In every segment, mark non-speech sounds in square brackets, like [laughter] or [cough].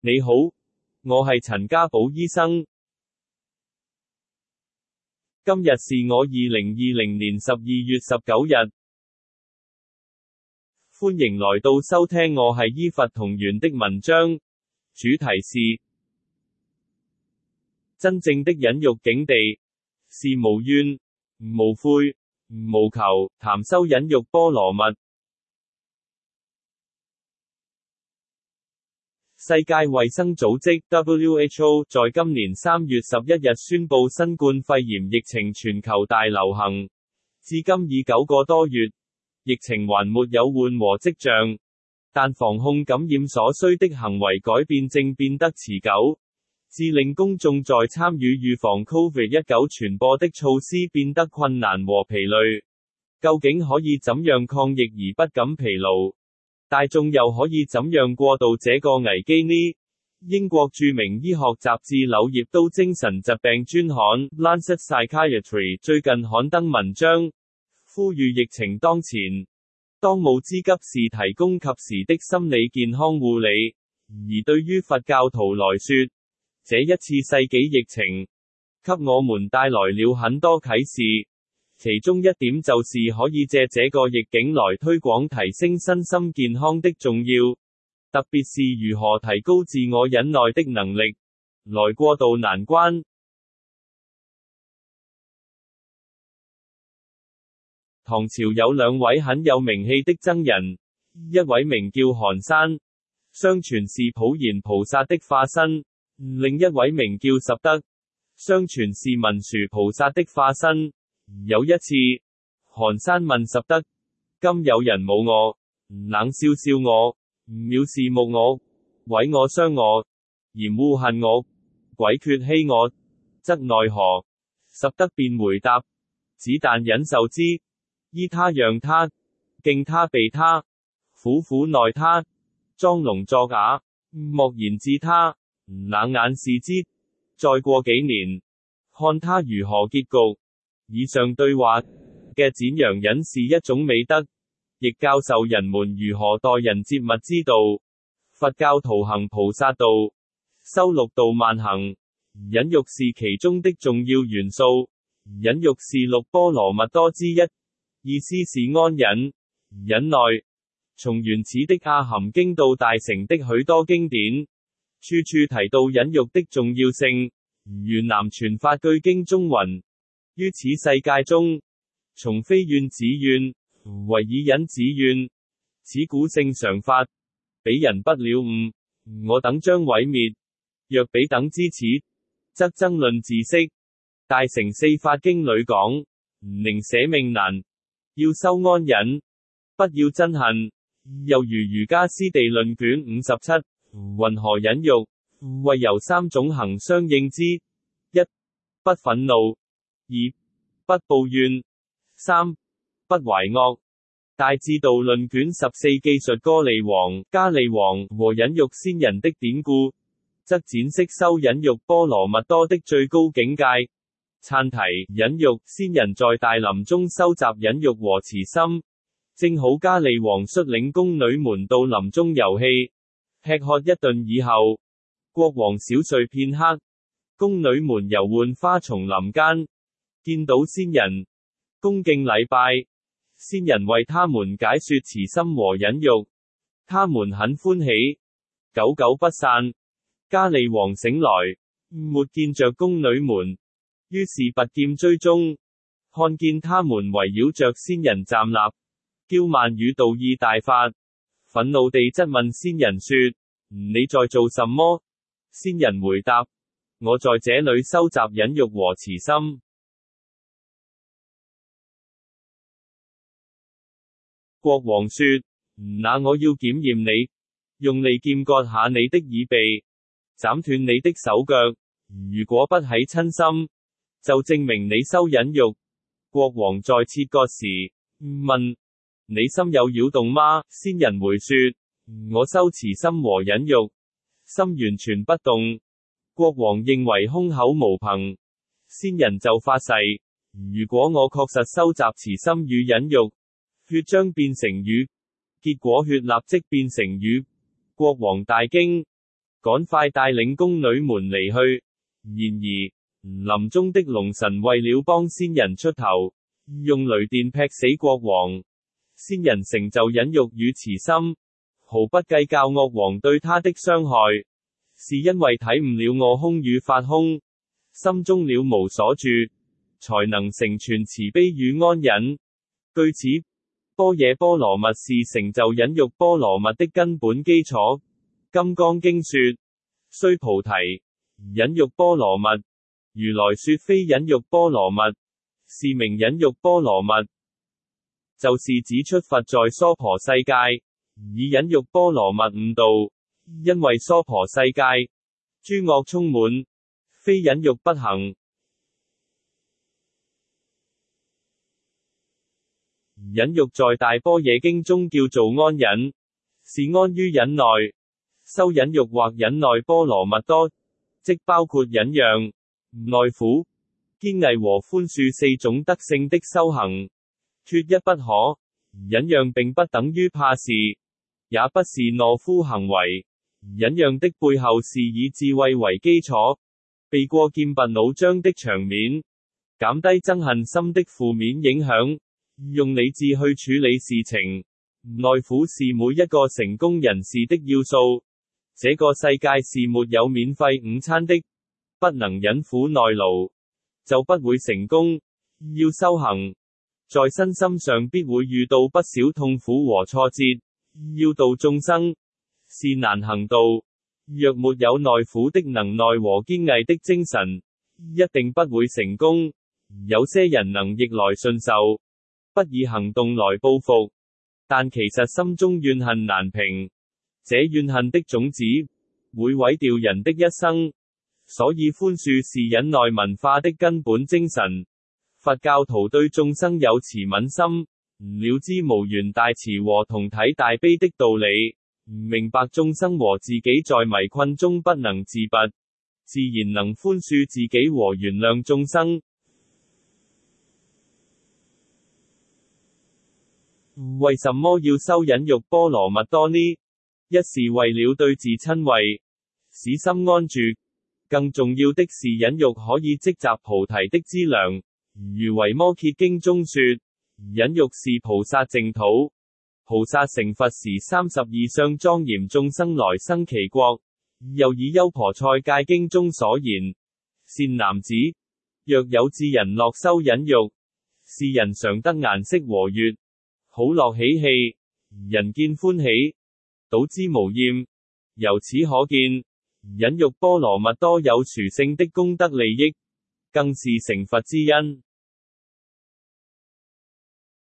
你好，我係陳家寶醫生。今日是我二零二零年十二月十九日，歡迎來到收聽我係醫法同源的文章，主題是真正的忍辱境地是無怨無悔、無求，談修忍辱波羅蜜。世界衛生組織 WHO 在今年三月十一日宣布新冠肺炎疫情全球大流行，至今已九個多月，疫情還沒有緩和跡象，但防控感染所需的行為改變正變得持久，致令公眾在參與預防 Covid 一九傳播的措施變得困難和疲累。究竟可以怎樣抗疫而不感疲勞？大眾又可以怎樣過渡這個危機呢？英國著名醫學雜誌《柳葉刀精神疾病專刊》（Lancet Psychiatry） 最近刊登文章，呼籲疫情當前，當務之急是提供及時的心理健康護理。而對於佛教徒來說，這一次世紀疫情，給我們帶來了很多啟示。其中一點就是可以借這個逆境來推廣提升身心健康的重要，特別是如何提高自我忍耐的能力來過渡難關。唐朝有兩位很有名氣的僧人，一位名叫寒山，相傳是普賢菩薩的化身；另一位名叫拾得，相傳是文殊菩薩的化身。有一次，寒山問拾得：今有人冇我，冷笑笑我，藐視目我，毀我傷我，嫌惡恨我，詭決欺我，則奈何？拾得便回答：只但忍受之，依他讓他，敬他避他，苦苦耐他，裝聾作啞，莫言治他，冷眼視之。再過幾年，看他如何結局。以上對話嘅展揚，忍是一種美德，亦教授人們如何待人接物之道。佛教徒行菩薩道、修六道萬行，忍辱是其中的重要元素。忍辱是六波羅蜜多之一，意思是安忍、忍耐。從原始的阿含經到大乘的許多經典，處處提到忍辱的重要性。越南傳法句經中云。於此世界中，從非怨止怨，唯以忍止怨，此古聖常法，彼人不了悟。我等將毀滅，若彼等知此，則爭論自息。大乘四法經裏講，寧捨命難，要修安忍，不要憎恨。又如瑜伽師地論卷五十七，云何忍辱，為由三種行相應之：一不憤怒。二不抱怨，三不懷惡。《大智度論》卷十四記述歌利王、加利王和忍辱仙人的典故，則展示修忍辱波羅蜜多的最高境界。羼提忍辱仙人在大林中收集忍辱和慈心，正好加利王率領宮女們到林中遊戲，吃喝一頓以後，國王小睡片刻，宮女們遊玩花叢林間。見到仙人，恭敬禮拜，仙人為他們解說慈心和忍辱，他們很歡喜，久久不散。加利王醒來，沒見着宮女們，於是拔劍追蹤，看見他們圍繞着仙人站立，驕慢與妒意大發，憤怒地質問仙人說：你在做什麼？仙人回答：我在這裏收集忍辱和慈心。國王說：那我要檢驗你，用利劍割下你的耳鼻，斬斷你的手腳。如果不起瞋心，就證明你修忍辱。」國王在切割時問：你心有擾動嗎？仙人回說：我修慈心和忍辱。」心完全不動。國王認為空口無憑，仙人就發誓：如果我確實修集慈心與忍辱。」血將變成雨，結果血立即變成雨。國王大驚，趕快帶領宮女們離去。然而林中的龍神為了幫仙人出頭，用雷電劈死國王。仙人成就忍辱與慈心，毫不計較惡王對他的傷害，是因為體悟了我空與法空，心中了無所住，才能成全慈悲與安忍。據此。波耶波羅蜜是成就忍辱波羅蜜的根本基礎。金剛經說：須菩提，忍辱波羅蜜，如來說非忍辱波羅蜜，是名忍辱波羅蜜。就是指出佛在娑婆世界以忍辱波羅蜜悟道，因為娑婆世界諸惡充滿，非忍辱不行。忍辱在大般若經中叫做安忍，是安於忍耐、修忍辱或忍耐波羅蜜多，即包括忍讓、耐苦、堅毅和寬恕四種德性的修行，缺一不可。忍讓並不等於怕事，也不是懦夫行為。忍讓的背後是以智慧為基礎，避過劍拔弩張的場面，減低憎恨心的負面影響。用理智去處理事情，耐苦是每一個成功人士的要素。這個世界是沒有免費午餐的，不能忍苦耐勞，就不會成功。要修行，在身心上必會遇到不少痛苦和挫折。要度眾生是難行道，若沒有耐苦的能耐和堅毅的精神，一定不會成功。有些人能逆來順受。不以行動來報復，但其實心中怨恨難平。這怨恨的種子會毀掉人的一生，所以寬恕是忍耐文化的根本精神。佛教徒對眾生有慈憫心，唔了知無緣大慈和同體大悲的道理，明白眾生和自己在迷困中不能自拔，自然能寬恕自己和原諒眾生。為什麼要修忍辱波羅蜜多呢？一是為了對治親畏，使心安住；更重要的是忍辱可以積集菩提的資糧。如《維摩詰經》中說，忍辱是菩薩淨土。菩薩成佛時，三十二相莊嚴，眾生來生其國。又以《優婆塞戒經》中所言，善男子，若有智人樂修忍辱，是人常得顏色和悦。好樂喜氣，人見歡喜，睹之無厭。由此可見，忍辱波羅蜜多有殊勝的功德利益，更是成佛之因。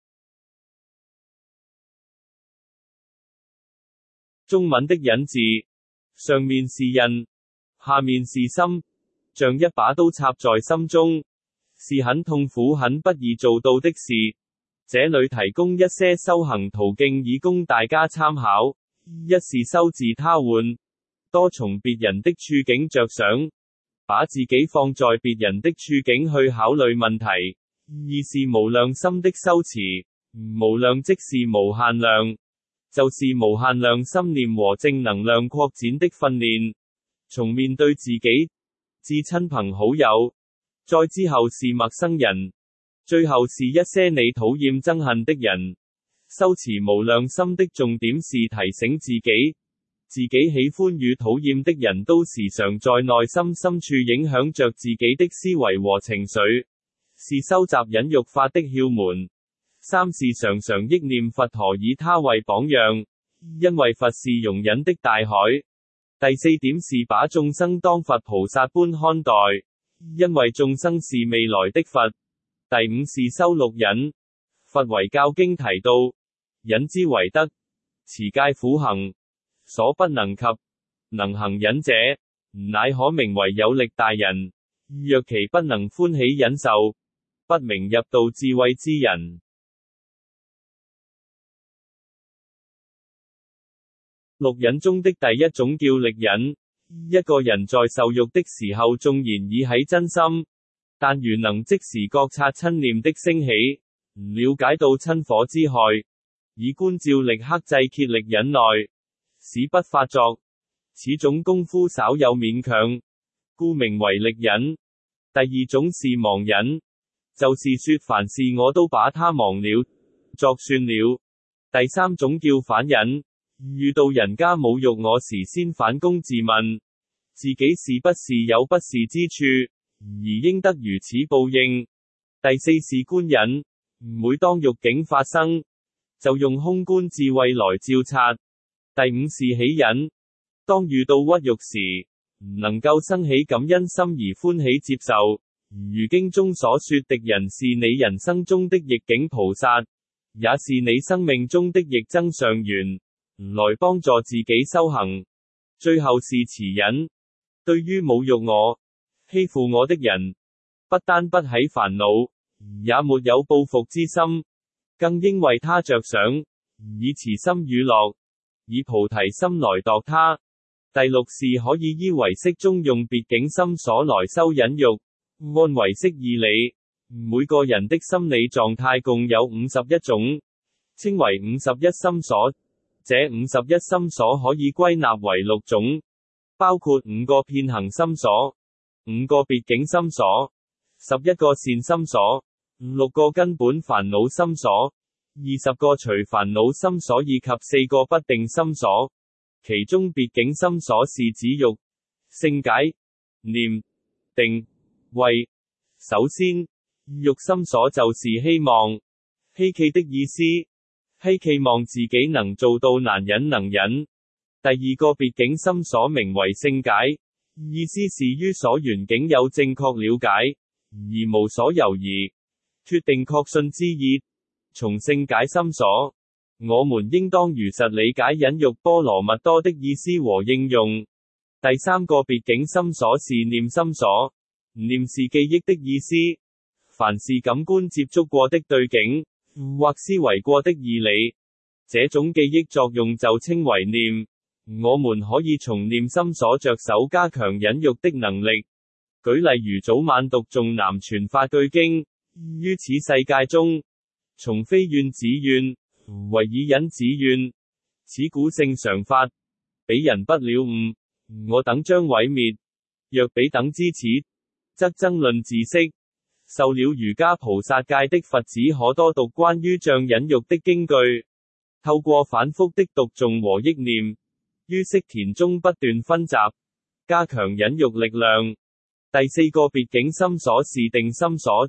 [noise] 中文的忍字，上面是印，下面是心，像一把刀插在心中，是很痛苦、很不易做到的事。這裏提供一些修行途徑以供大家參考：一是修自他換，多從別人的處境着想，把自己放在別人的處境去考慮問題；二是無量心的修持，無量即是無限量，就是無限量心念和正能量擴展的訓練，從面對自己至親朋好友，再之後是陌生人。最後是一些你討厭憎恨的人，修持無量心的重點是提醒自己，自己喜歡與討厭的人都時常在內心深處影響着自己的思維和情緒，是收集忍辱法的竅門。三是常常憶念佛陀，以他為榜樣，因為佛是容忍的大海。第四點是把眾生當佛菩薩般看待，因為眾生是未來的佛。第五是修六忍。佛遺教經提到，忍之為德，持戒苦行所不能及，能行忍者，乃可名為有力大人。若其不能歡喜忍受，不名入道智慧之人。六忍中的第一種叫力忍，一個人在受辱的時候，縱然已起瞋心。但如能即時覺察瞋念的升起，了解到瞋火之害，以觀照力克制竭力忍耐，使不發作，此種功夫稍有勉強，故名為力忍。第二種是忘忍，就是說凡事我都把它忘了，作算了。第三種叫反忍，遇到人家侮辱我時，先反攻自問，自己是不是有不是之處。而應得如此報應。第四是觀忍，每當辱境發生，就用空觀智慧來照察。第五是喜忍，當遇到屈辱時，能夠生起感恩心而歡喜接受。如經中所說，敵人是你人生中的逆境菩薩，也是你生命中的逆增上緣，來幫助自己修行。最後是慈忍，對於侮辱我。欺負我的人不單不起煩惱，也沒有報復之心，更應為他着想，以慈心與樂，以菩提心來度他。第六是可以依唯識中用別境心所來修忍辱，按唯識義理，每個人的心理狀態共有五十一種，稱為五十一心所。這五十一心所可以歸納為六種，包括五個遍行心所。五個別境心所，十一個善心所，五六個根本煩惱心所，二十個除煩惱心所以及四個不定心所。其中別境心所是指欲、勝解、念、定、慧。首先，欲心所就是希望、希冀的意思，希冀望自己能做到難忍能忍。第二個別境心所名為勝解。意思是於所緣境有正確了解，而無所猶豫，決定確信之意。從勝解心所，我們應當如實理解忍辱波羅蜜多的意思和應用。第三個別境心所是念心所，念是記憶的意思。凡是感官接觸過的對境，或思維過的義理，這種記憶作用就稱為念。我們可以從念心所着手加強忍辱的能力，舉例如早晚讀誦南傳法句經。於此世界中，從非怨止怨，唯以忍止怨。此古聖常法，彼人不了悟。我等將毀滅，若彼等知此，則爭論自息。受了瑜伽菩薩戒的佛子，可多讀關於仗忍辱的經句，透過反复的讀誦和憶念。於識田中不斷分集，加強忍辱力量。第四個別境心所是定心所，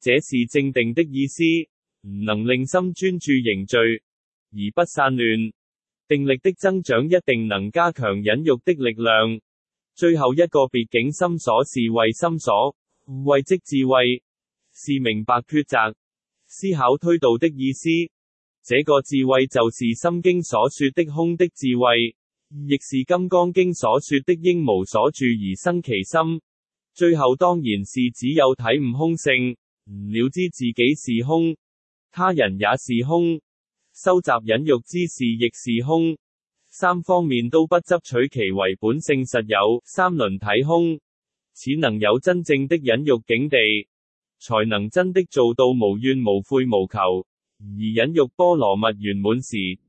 這是正定的意思，唔能令心專注凝聚而不散亂。定力的增長一定能加強忍辱的力量。最後一個別境心所是慧心所，慧即智慧，是明白抉擇、思考推導的意思。這個智慧就是心經所說的空的智慧。亦是金剛經所說的應無所住而生其心，最後當然是只有體悟空性，了知自己是空，他人也是空，收集忍辱之事亦是空，三方面都不執取其為本性實有，三輪體空，只能有真正的忍辱境地，才能真的做到無怨無悔無求，而忍辱波羅蜜圓滿時。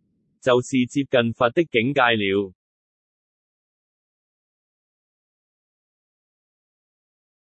就是接近佛的境界了。